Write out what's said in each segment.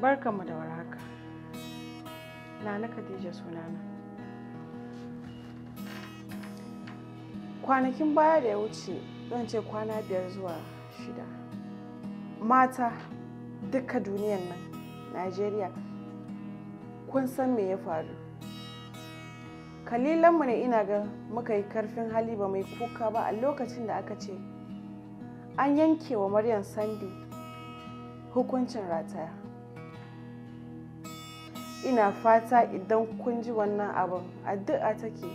Barkanmu da warhaka. Nana Khadija sunana. Kwanakin baya da ya wuce zan ce kwana biyar zuwa shida. Mata duka duniyan nan, Najeriya, kun san me ya faru. Kalilanmu ne ina ga muka yi karfin hali ba mai kuka ba a lokacin da aka ce an yanke wa Maryam Sandi hukuncin rataya. ina fata idan kun ji wannan abin addu'a take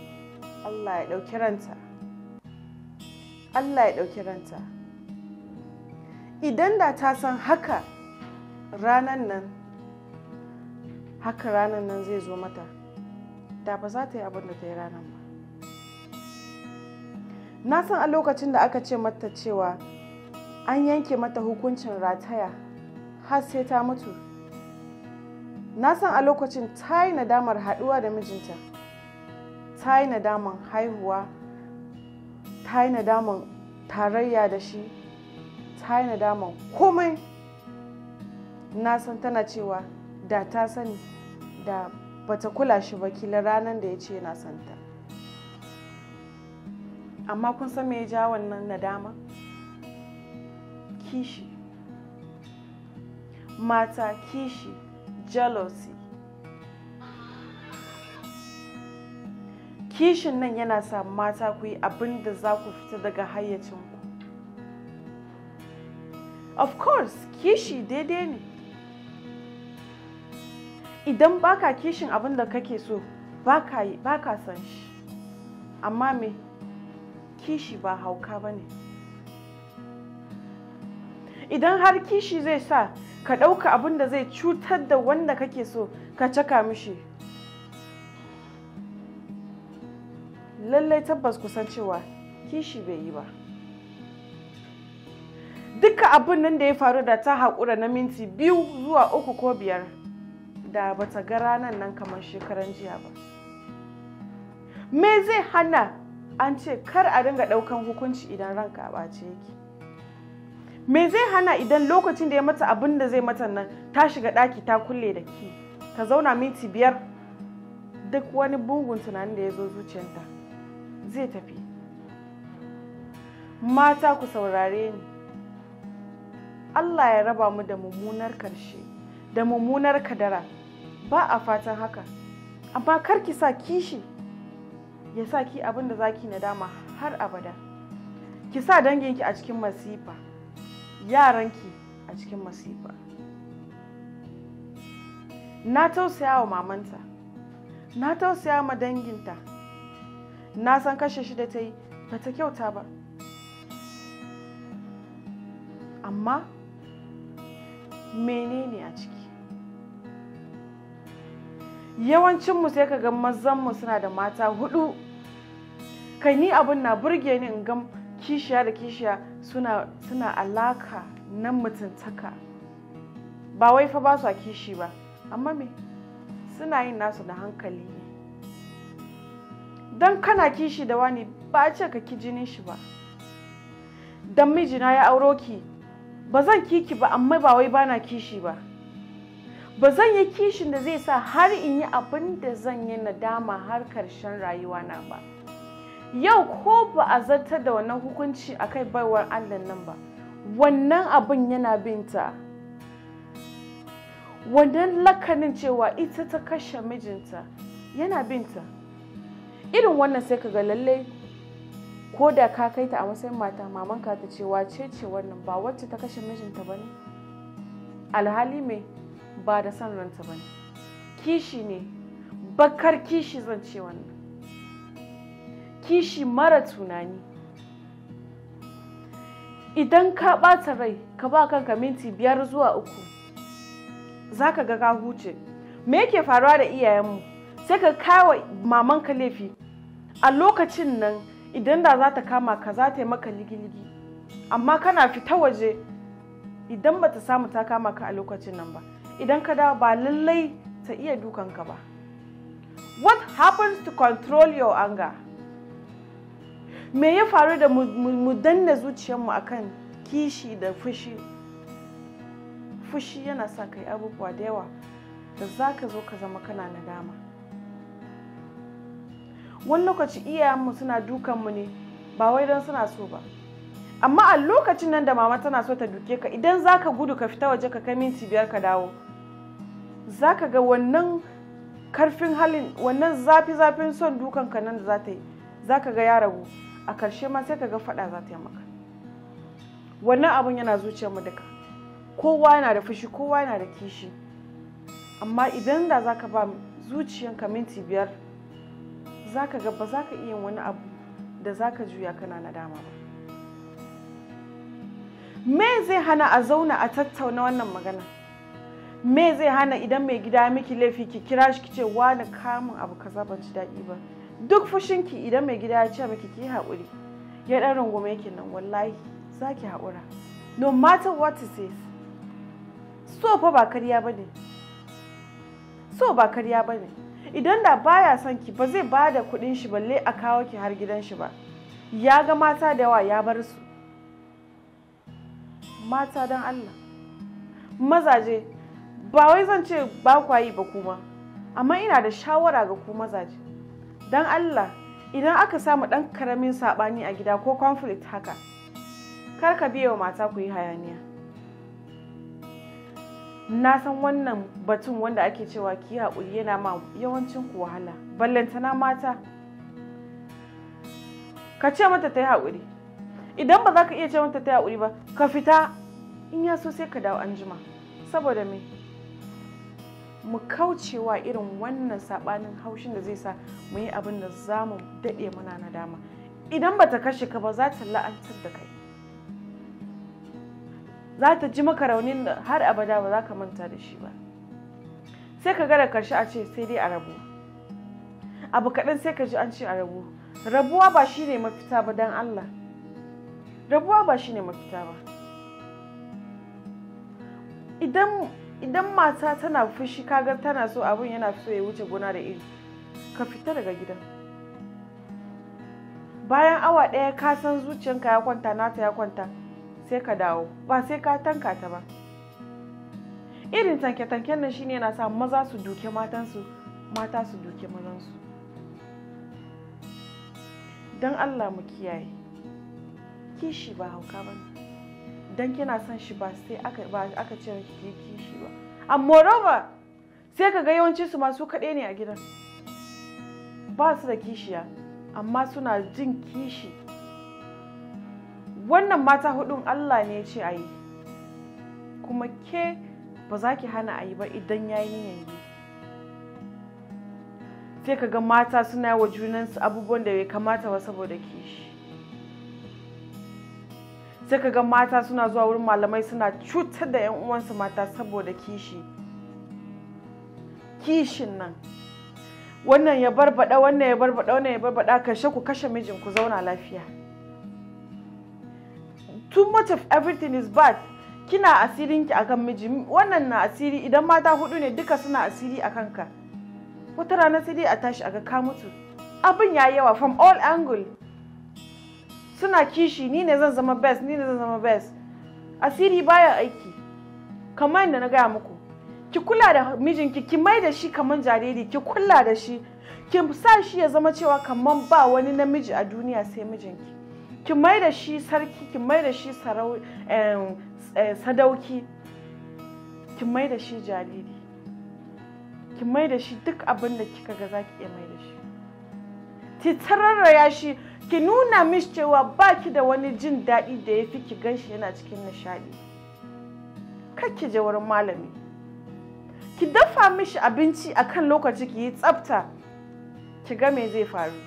allah ya ɗauki ranta allah ya ɗauki ranta idan da ta san haka ranan nan haka ranan nan zai zo mata da ba za ta yi abin da ta yi ranan ba na san a lokacin da aka ce mata cewa an yanke mata hukuncin rataya har sai ta mutu na san a lokacin ta yi nadamar haɗuwa da mijinta ta yi nadamar haihuwa ta yi nadamar tarayya da shi ta yi nadamar komai na san tana cewa da ta sani da bata kula shi ba kila ranar da ya ce na santa amma kun san me ya ja wannan nadama kishi mata kishi jealousy kishin nan yana sa mata ku yi abin da za ku fita daga hayyacinku of course kishi daidai ne idan baka kishin abin da kake so baka san shi amma me kishi ba hauka ba ne idan har kishi zai sa ka ɗauka abin da zai cutar da wanda kake so ka caka mishi lallai tabbas kusan cewa kishi bai yi ba duka abin nan da ya faru da ta haƙura na minti biyu zuwa uku ko biyar da bata ga ranar nan kamar shekaran jiya ba me zai hana an ce kar a dinga ɗaukan hukunci idan ranka a ɓace yake me zai hana idan lokacin da ya mata abin da zai mata nan ta shiga ɗaki ta kulle da ke ta zauna minti biyar duk wani bugun tunanin da ya zo zuciyarta zai tafi mata ku saurare ni Allah ya raba mu da mummunar karshe da mummunar kadara ba a fatan haka amma kar ki sa kishi ya sa ki abin da zaki nadama har abada ki sa danginki a cikin masifa yaranki a cikin masifa na tausaya wa mamanta na tausaya ma danginta na san kashe shi da ta yi ba ta kyauta ba amma menene a ciki yawancinmu sai ka ga mazanmu suna da mata hudu kai ni abin na burge ni in gan kishiya da kishiya suna, suna alaka nan mutuntaka ba wai fa ba su a kishi ba amma me suna yin nasu da hankali ne don kana kishi da wani ba ce ka ki jinin shi ba don mijina ya auro ki ba zan kiki ba amma ba wai ba na kishi ba ba zan yi kishin da zai sa har in yi abin da zan yi nadama har karshen na ba. yau ko ba a zartar da wannan hukunci a kai baiwar allah nan ba wannan abin yana binta wannan lakanin cewa ita ta kashe mijinta yana binta irin wannan sai ka ga lalle ko da ka kai ta a matsayin mata mamanka ta ce wace ce wannan ba wacce ta kashe mijinta ba ne alhali mai ba da son ranta ba ne kishi ne bakar kishi zan ce wannan kishi mara tunani idan ka ɓata rai ka ba kanka minti biyar zuwa uku za ka ga ka huce me yake faruwa da iyayenmu sai ka kawo mamanka laifi a lokacin nan idan da za ta kama ka za ta yi maka ligiligi amma kana fita waje idan ba ta samu ta kama ka a lokacin nan ba idan ka dawo ba lallai ta iya dukanka ba what happens to control your anger me ya faru da mu danna zuciyarmu akan kishi da fushi fushi yana sa kai abubuwa da yawa da za ka zo ka zama kana nadama wani lokaci iyayenmu suna dukanmu ne ba wai don suna so ba amma a lokacin nan da mama tana so ta duke ka idan za ka gudu ka fita waje ka kai minti biyar ka dawo za ka ga wannan karfin halin wannan zafi-zafin son dukan ka nan da za ta yi za ka ga ya ragu a karshe ma sai ka ga faɗa za ta yi maka wannan abun yana zuciyar mu duka kowa yana da fushi kowa yana da kishi amma idan da za ka ba zuciyanka minti biyar za ka ga ba za ka iya wani abu da za ka juya kana nadama ba me zai hana a zauna a tattauna wannan magana me zai hana idan mai gida miki laifi ki kira shi ki ce wani kamun abu kaza ban ji daɗi ba duk fushinki idan mai gida ya ce miki ki haƙuri ya ɗan rungume ki nan wallahi za ki haƙura no matter what it is so fa ba karya ba ne so ba kariya ba ne idan da baya son ki ba zai ba da kuɗin shi balle a kawo ki har gidan shi ba ya ga mata da yawa ya bar su mata don allah mazaje ba wai zan ce ba kwayi ba kuma amma ina da shawara ga ku mazaje don Allah idan aka samu ɗan karamin saɓani a gida ko conflict haka kar ka biya wa mata ku yi hayaniya na san wannan batun wanda ake cewa ki haƙuri yana ma yawancin ku wahala ballantana mata ka ce mata ta yi haƙuri idan ba za ka iya ce mata ta yi haƙuri ba ka fita in ya so sai ka dawo anjima saboda me mu kaucewa irin wannan sabanin haushin da zai sa mu yi abin da za mu daɗe muna dama. idan ba ta kashe ka ba za ta la'antar da kai za ta ji maka raunin da har abada ba za ka manta da shi ba sai ka gada karshe a ce sai dai a rabu abu kaɗan sai ka ji an ce a rabu rabuwa ba shi ne mafita ba don allah rabuwa ba shi ne mafita ba idan idan mata tana fushi kagar tana so abun yana so ya wuce gona da iri ka fita daga gidan bayan awa ɗaya ka san zuciyanka ya kwanta nata ya kwanta sai ka dawo ba sai ka tanka ta ba irin tanke-tanken nan shine yana sa maza su duke matansu mata su duke mazansu don allah mu kiyaye kishi ba hauka ba ne dan kina son shi ba sai aka ba aka ce ki kishi ba amma moreover sai ka ga yawanci su masu kaɗai ne a gidan ba su da kishiya amma suna jin kishi wannan mata hudun Allah ne ya ce a yi kuma ke ba za ki hana a yi ba idan ya yi yanzu sai ka ga mata suna wa junansu abubuwan da bai kamata ba saboda kishi sai ka ga mata suna zuwa wurin malamai suna cutar da 'yan uwansu mata saboda kishi kishin nan wannan ya barbada wannan ya barbada wannan ya barbada kashe ku kashe mijin ku zauna lafiya too much of everything is bad kina asirinki akan miji wannan na asiri idan mata hudu ne duka suna asiri a kanka wata rana sai dai a tashi a ga ka mutu abin ya yawa from all angle suna kishi ni ne zan zama best ni ne zan zama best asiri baya aiki kamar yadda na gaya muku ki kula da mijinki ki mai da shi kamar jariri ki kula da shi ki sa shi ya zama cewa kamar ba wani namiji a duniya sai mijinki ki mai da shi sarki ki mai da shi eh, sadauki ki mai da shi jariri ki mai da shi duk abin da kika ga zaki iya mai da shi ki tararraya shi ki nuna mishi cewa ba ki da wani jin daɗi da ya fi ki gan shi yana cikin nishaɗi kar ki je wurin malami ki dafa mishi abinci a kan lokaci ki yi tsafta ki ga me zai faru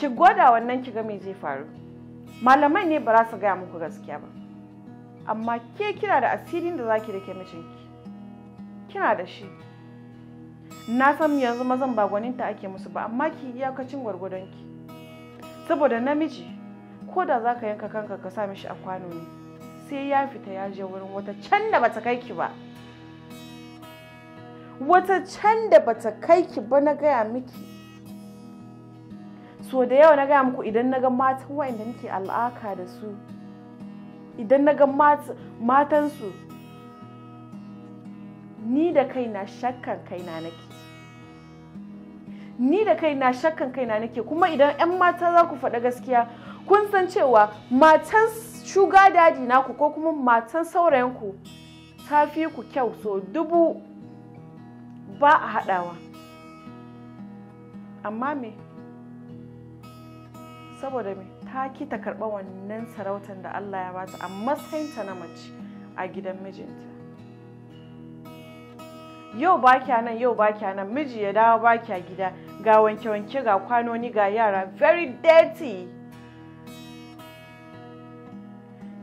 ki gwada wannan ki ga me zai faru malamai ne ba za su gaya muku gaskiya ba amma ke kina da asirin da za ki rike mijinki kina da shi na san yanzu mazan ba gwaninta ake musu ba amma ki iyakacin gwargwadonki saboda namiji ko da za ka yanka kanka ka sa mishi a kwano ne sai ya fita ya je wurin wata can da bata kai ki ba wata can da bata kai ki ba na gaya miki so da yawa na gaya muku idan na ga matan wa'inda nake al'aka da su idan na ga matansu ni da kaina shakkan kaina nake ni da kai na shakkan kai na nake kuma idan 'yan mata za ku faɗa gaskiya kun san cewa matan shuga daji naku ko kuma matan saurayinku ta fi ku kyau so dubu ba a haɗawa amma me saboda me ta ki ta karɓa wannan sarautar da Allah ya bata a matsayinta na mace a gidan mijinta yau ba kya nan yau ba kya nan miji ya dawo ba kya gida ga wanke-wanke ga kwanoni ga yara very dirty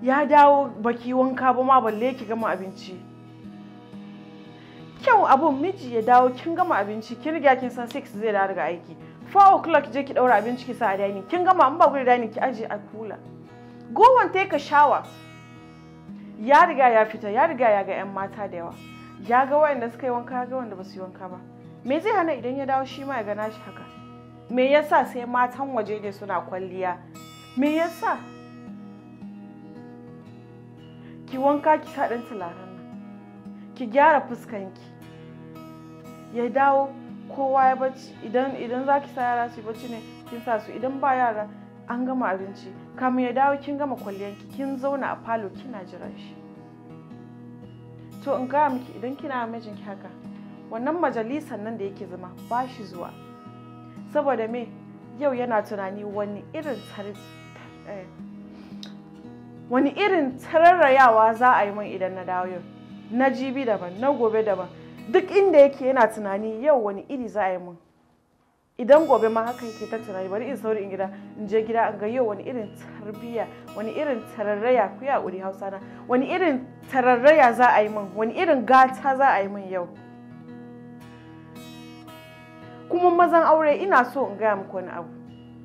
ya dawo baki wanka ba ma balle ki gama abinci kyau abun miji ya dawo kin gama abinci kin riga kin san 6 zai dawo daga aiki 4 o'clock je ki daura abinci ki sa a dining kin gama an ba gudu da dining ki aje a kula go take a shower ya riga ya fita ya riga ya ga yan mata da yawa ya ga wayanda suka yi wanka ya ga wanda ba su yi wanka ba me zai hana idan ya dawo shi ma ya gana shi haka me yasa sai matan waje ne suna kwalliya me yasa ki wanka ki sa ɗan tularan nan ki gyara fuskanki ya dawo kowa ya bacci idan idan za ki sa yara su bacci ne kin sa su idan ba yara an gama abinci kamin ya dawo kin gama kwalliyanki kin zauna a falo kina jiran shi to in ga miki idan kina mijinki haka wannan majalisar nan da yake zama ba shi zuwa saboda me yau yana tunani wani irin eh, wani irin tararrayawa za a yi min idan na dawo yau na jibi daban na gobe daban duk inda yake yana tunani yau wani iri za a yi min idan gobe ma hakan ke ta tunani bari in sauri in gida in je gida an yau wani irin tarbiya wani irin tararraya ku ya uri hausa na wani irin tararraya za a yi min wani irin gata za a yi min yau kuma mazan aure ina so in gaya muku wani abu